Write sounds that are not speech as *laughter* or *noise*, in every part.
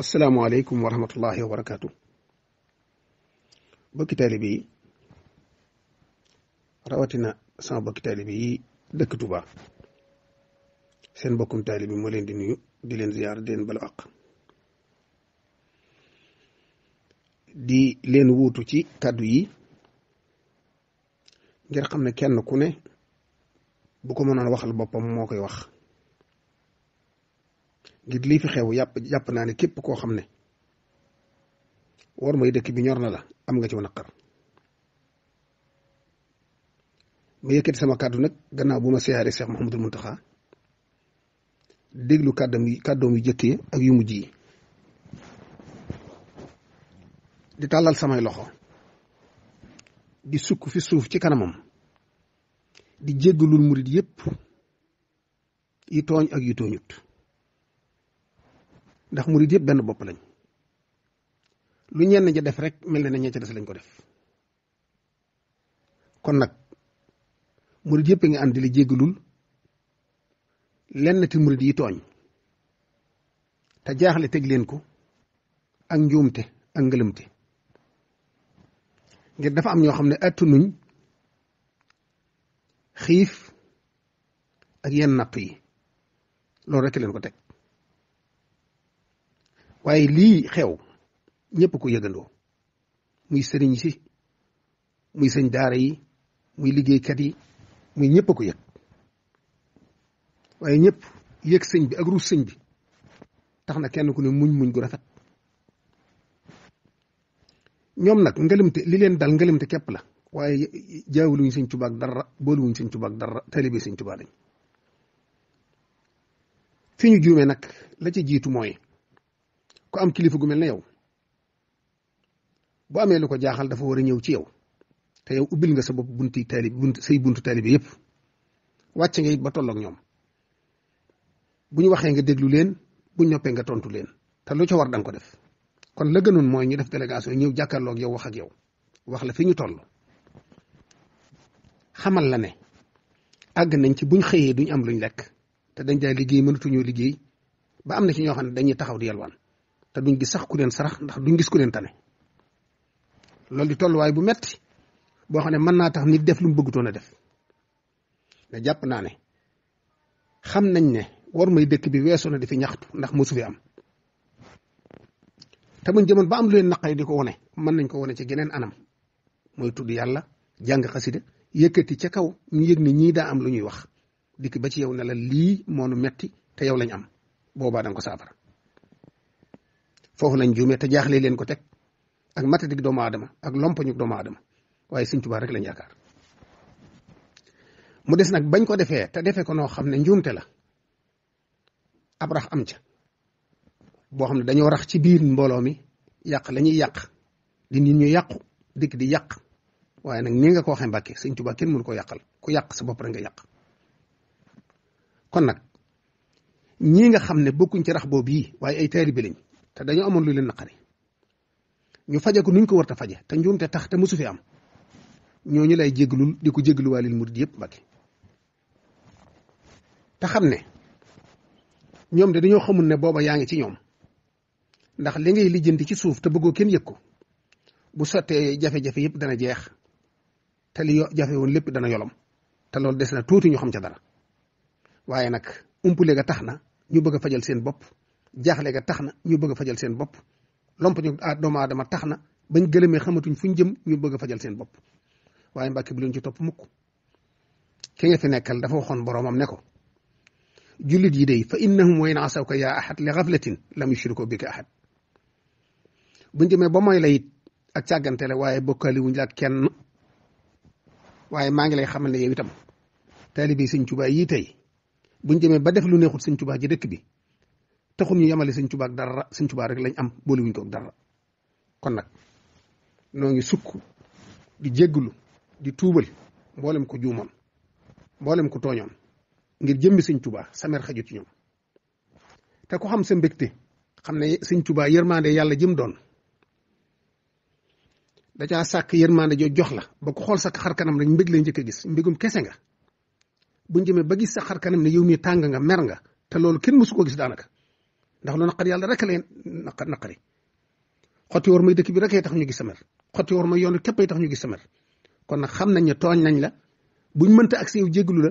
asalaamaaleykum wa rahmatullahi wa barakaatu bokki taalibe yi rawatina sama bokki taalibe yi dëkk Touba seen bokkum taalibe moo leen di nuyu di leen ziyaar di leen balu di leen wuutu ci kàddu yi ngir xam ne kenn ku ne bu ko mënoon waxal boppam moo koy wax ngir lii fi xew yàpp jàpp naa ne képp koo xam ne war may dëkk bi ñor na la am nga ci xar ma yëkkati sama kàddu nag gannaaw bu ma siyaare Cheikh Mouhamadul Muntaxa déglu kàddam yi kàddoom yu jëkkee ak yu mujj yi di tàllal samay loxo di sukk fi suuf ci kanamam di jéggalul murit yépp yi tooñ ak yu tooñut ndax murid yëpp benn bopp lañ lu ñenn ca def rek mel na ne ñee ca des lañ ko def kon nag murid yëpp a ngi ànd di la jéggalul lenn ti murid yi tooñ te jaaxle teg leen ko ak njuumte ak ngëlëmte ngir dafa am ñoo xam ne attanuñ xiif ak yenn natt yi loolu rekk leen ko teg waaye lii xew ñëpp ko yëgandoo muy sëriñ si muy sëñ daara yi muy liggéeykat yi muy ñëpp ko yëg waaye ñëpp yëg sëñ bi ak ruus sëñ bi tax na kenn ku ne muñ muñ gu rafet ñoom nag ngelimte li leen dal ngelimte kepp la waaye jaawuluñ sëñ Tuubaa ak dara booluwuñ sëñ Tuubaa ak dara taalibe sëñ Tuubaa lañ fi ñu juumee nag la ci jiitu mooy ku kilifa gu mel ne yow bu amee lu ko jaaxal dafa war a ñëw ci yow te yow ubbil nga sa bopp bunti taalib bunt say buntu taalibe yëpp wàcce nga it ba tolloog ñoom bu ñu waxee nga déglu leen bu ñu noppee nga tontu leen te lu ca war da nga ko def kon la gënoon mooy ñu def délégation ñëw jàkkaarloog yow wax ak yow wax la fi ñu toll xamal la ne àgg nañ ci buñ xëyee duñ am luñ lekk te dañ daay liggéey mënatuñoo liggéey ba am na ci ñoo xam ne dañuy taxaw di yalwaan te duñ gis sax ku leen sarax ndax duñ gis ku leen tane loolu di tolluwaay bu metti boo xam ne mën naa tax nit def lu mu a def mais jàpp naa ne xam nañ ne war may dëkk bi weesoo na di fi ñaxtu ndax mosu fi am te buñ jëmoon ba am lu leen naqari di ko wone mën nañ ko wone ci geneen anam mooy tudd yàlla jàng xasida yëkkati ca kaw ñu yëg ne ñii daa am lu ñuy wax dikk ba ci yow ne la lii moonu metti te yow lañ am boobaa danga ko saafara foofu lañ jume te jaaxle leen ko teg ak matadik doomu aadama ak lompañu doomu aadama waaye sëñ tubaa rek lañ yaakaar mu des nag bañ ko defee te defee ko noo xam ne njuumte la am ca boo xam ne rax ci biir mbooloo mi yàq la ñuy di nit ñu yàqu dikk di yàq waaye nag ni nga ko waxee mbàkke sëñ tubaa kenn mënu ko yàqal ku yàq sa bopp rek nga yàq kon nag ñi nga xam ne bokkuñ ci rax boobu yi waaye ay lañ te dañu amoon lu leen naqari ñu faje ko nuñ ko war a faje te njuumte tax te mosu fi am ñooñu lay jéglul di ko jégluwaalil murid yëpp Mbàkke te xam ne ñoom de dañoo xamul ne booba yaa ngi ci ñoom ndax li ngay lijjanti ci suuf te bëggoo kenn yëg ko bu sottee jafe-jafe yëpp dana jeex te li yo lépp dana yolom te loolu des na tuuti ñu xam ca dara waaye nag umpule ga tax na ñu bëgg a fajal seen bopp jaaxle ga tax na ñu bëgg a fajal seen bopp lomp ñu ah doomu aadama tax na bañ gëlëmee xamatuñ fuñ jëm ñu bëgg a fajal seen bopp waaye mbàkki bu leen ci topp mukk ki fi nekkal dafa waxoon boroomam ne ko jullit yi day fa innahum wa in ko yaa ahad li ghaflatin lam yushriku bika ko buñ demee ba mooy la it ak càggante la waaye bokkaali wuñ la kenn waaye maa ngi lay xamal ne yow itam taalibi sëñ Tuubaa yi tey buñ demee ba def lu neexut sëñ Tuubaa ji dëkk bi taxul ñu yemale siñ Tuubaa dara sëñ Tuubaa rek lañ am boolu ko ak dara kon nag noo ngi sukk di jégglu di tuubal mboolem ko juumoon mboolem ko tooñoon ngir jëmmi sëñ Tuubaa samer xaju ci ñoom te ku xam sa mbégte xam ne sëñ Tuubaa yërmande yàlla jëm doon da caa sàkk yërmande joo jox la ba ku xool sa xar kanam rek mbég lay njëkk a gis mbégum kese nga buñ jëmee ba gis sa xar ne yow mii tàng nga mer nga te loolu kenn mësu ko gis daanaka ndax lu naqari yàlla rek lay naqari xotti war may dëkk bi rek tax ñu gis sa mer xotti war may yoon képp ay tax ñu gis sa kon nag xam nañ ne tooñ nañ la buñ mënta ak yow jéggalu la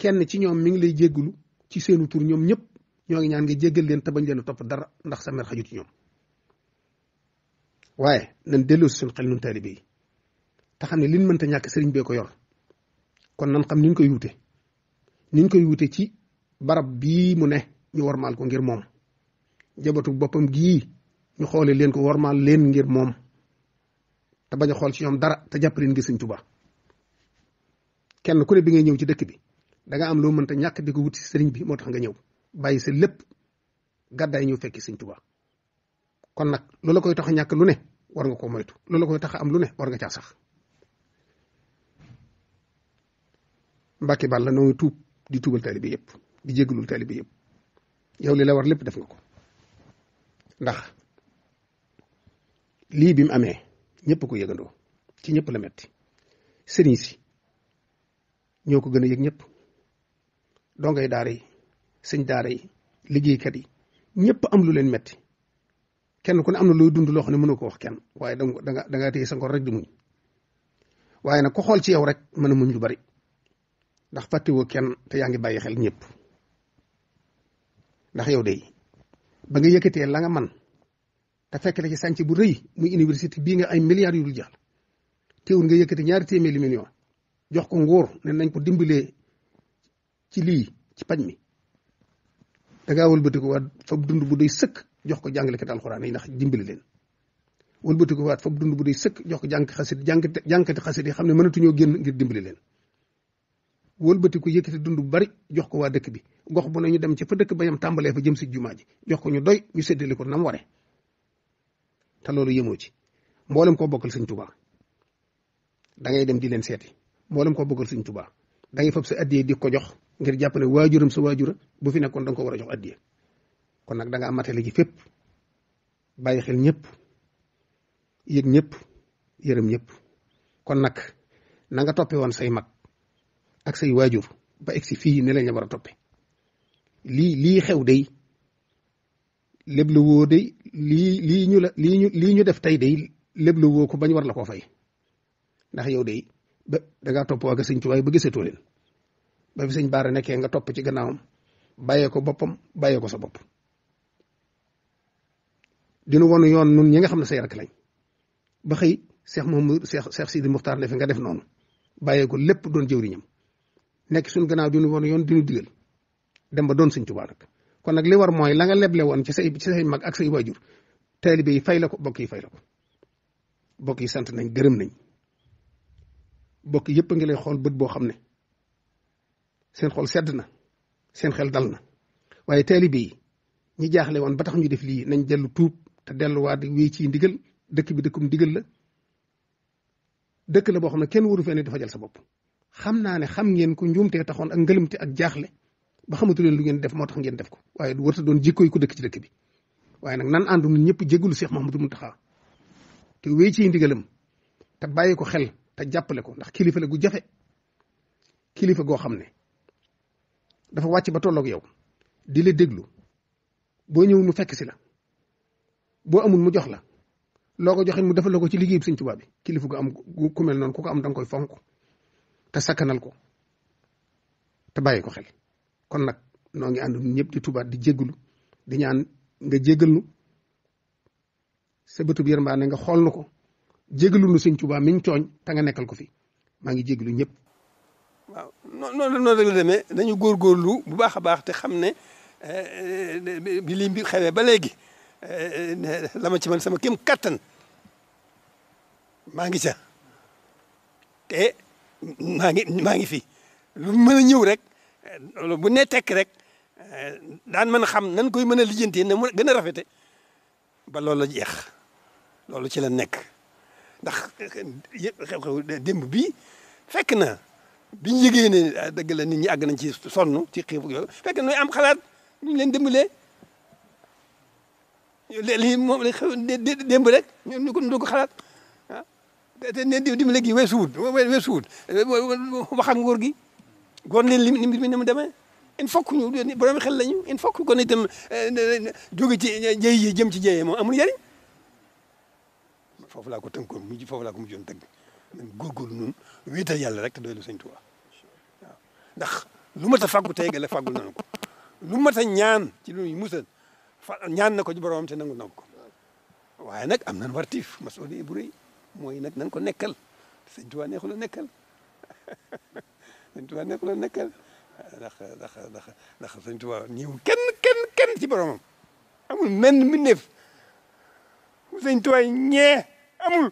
kenn ci ñoom mi ngi lay jéggalu ci seenu tur ñoom ñëpp ñoo ngi ñaan nga leen te bañ leen topp dara ndax sa mer xaju ci ñoom waaye nañ delloo si suñu xel ñun taalibe yi te xam ne liñ mënta ñàkk sëriñ bee ko yor kon nan xam niñ koy wute niñ koy wute ci barab bii mu ne ñu warmaal ko ngir moom njabootu boppam gii ñu xoolee leen ko war warmaal leen ngir moom te bañ a xool ci ñoom dara te jàpp leen ngir Sëñ Tuubaa kenn ku ne bi ngay ñëw ci dëkk bi da nga am loo mënta ñàkk di ko wut ci sëriñ bi moo tax nga ñëw bàyyi sa lépp gàddaay ñëw fekki Sëñ Tuubaa kon nag loola koy tax a ñàkk lu ne war nga ko moytu loola koy tax a am lu ne war nga caa sax Mbàkke Bàlla noo ngi tuub di tuubal taalibe yëpp di jéggalul taalibe yëpp yow li la war lépp def nga ko ndax lii bi mu amee ñëpp ko yëgandoo ci ñépp la metti sëriñ si ko gën a yëg ñëpp dongay daara yi sëñ daara yi liggéeykat yi ñëpp am lu leen metti kenn ku ne am na looy dund loo xam ne mënoo ko wax kenn waaye da nga da nga téye sa ngor rek di muñ waaye nag ko xool ci yow rek mën a muñ lu bari ndax fàttewoo kenn te yaa ngi bàyyi xel ñépp ndax yow de ba nga yëkkatee la nga man te fekk la ci sànc bu rëy muy université bii nga ay milliards yu dul jàll teewul nga yëkkati ñaari téeméeri million jox ko nguur ne nañ ko dimbalee ci lii ci pañ mi da ngaa wëlbatiku waat fab dund bu doy sëkk jox ko jàngalekat alxuraan yi ndax dimbali leen wëlbatiku wat fab dund bu doy sëkk jox ko jànk xasit jànk jànkati xasit yi xam ne mënatuñoo génn ngir dimbali leen wëlbatiku yëkkati dund bu bari jox ko waa dëkk bi gox bu ne ñu dem ci fa dëkk ba yam tàmbalee fa jëm si jumaa ji jox ko ñu doy ñu séddale ko nam ware te loolu yemoo ci mboolem koo bokkal sëñ Tuubaa da ngay dem di leen seeti mboolem koo bokkal sëñ Tuubaa da ngay fab sa addiya di ko jox ngir jàpp ne waajuram sa waajura bu fi nekkoon da ko war a jox addiya kon nag da nga matale ji fépp bàyyi xel ñëpp yëg ñëpp yërëm ñëpp kon nag na nga toppe woon say mag ak say waajur ba egsi fii ne lañ la war a toppe lii lii xew day léb la woo day lii lii ñu la lii ñu lii ñu def tey day léb la woo ko bañ war la koo fay ndax yow day ba da ngaa topp waaga sëñ Tuubaa ba gisatoo leen ba fi sëñ Baara nekkee nga topp ci gannaawam bàyyee ko boppam bàyyee ko sa bopp dinu wonu yoon nun ñi nga xam ne say rak lañ ba xëy Cheikh Mouhamadou Cheikh Cheikh Sidi Moukhtar ne fi nga def noonu bàyyee lépp doon jëwriñam nekk suñ gannaaw dinu wonu yoon dinu digal dem ba doon sëñ Tuubaa nag kon nag li war mooy la nga leble woon ci say say mag ak say waajur taalibe yi fay la ko bokk yi fay la ko bokk yi sant nañ gërëm nañ bokk yëpp a ngi lay xool bët boo xam ne seen xool sedd na seen xel dal na waaye taalibe yi ñi jaaxle woon ba tax ñu def lii nañ dellu tuub te delluwaat di wéy ci ndigal dëkk bi dëkkum ndigal la dëkk la boo xam ne kenn waru fee ne dafa jël sa bopp xam naa ne xam ngeen ku njuumtee taxoon ak ngëlëmte ak jaaxle ba xamatu leen lu ngeen def moo tax ngeen def ko waaye du warta doon jikko yi ko dëkk ci dëkk bi waaye nag nan àndu nun ñëpp jégalu Cheikh Mouhamadou Mountakha te wéy ci ndigalam te bàyyi ko xel te jàppale ko ndax kilifa la gu jafe kilifa goo xam ne dafa wàcc ba tolloog yow di le déglu boo ñëwul mu fekk si la boo amul mu jox la loo ko joxe mu defal la ko ci liggéeyub Sëñ Tuubaa bi kilifa gu am ku mel noon ku ko am dang koy fonk te sakkanal ko te bàyyi ko xel kon nag noo ngi ànd ñëpp di tubaat di jégglu di ñaan nga jéggal nu sa bëtub yërmande nga xool nu ko jéggalu nu sëñ Tuubaa miñ tooñ te nga nekkal ko fi maa ngi jéggalu ñëpp waaw noonu noonu rek la demee dañu bu baax a baax te xam ne eh, bi xewee ba léegi eh, la ma ci man sama kéem kattan maa ngi ca te maa ngi ngi fi lu mën a ñëw rek Eh, loolu bu nee tekk rek eh, daan mën a xam nan koy mën a lijjantee na mu gën a rafete ba loolu la jeex loolu ci la nekk ndax eh, xew-xew démb bii fekk na bi ñu yëgee ne ah, dëgg la nit ñi àgg nañ ci sonn ci xiif ak yooyu fekk na ñooy am xalaat ñu leen dimbalee lii moom la xew démb rek ñu ko ñu ko xalaat ah te ne dimbale gi weesu wut weesu wut waxam nguur gi. war leen li mbir mi ni mu demee il faut que ñu borom xel lañu il faut que kon itam euh, ci jëy yi jëm ci jëyee moom amul njëriñ foofu laa ko tënkoon mujj foofu laa ko mujjoon tënk nañ góorgóorlu noonu wéetal yàlla rek te doylu Sëñ Tuubaa waaw ndax lu mat a fàggu tey gale fàggul nañu ko lu mat a ñaan ci lu musal fa ñaan na ko ci boromam te nangul na ko waaye nag am nan wartiif masooli bu rëy mooy nag nan ko nekkal Sëñ Tuubaa neexul a nekkal *laughs* sëñ Tuubaa nekk la nekkal ndax dax ndax ndax sëñ Tuubaa ñëw kenn kenn kenn ci boromam amul menn mbindeef sëñ Tuubaa ñee amul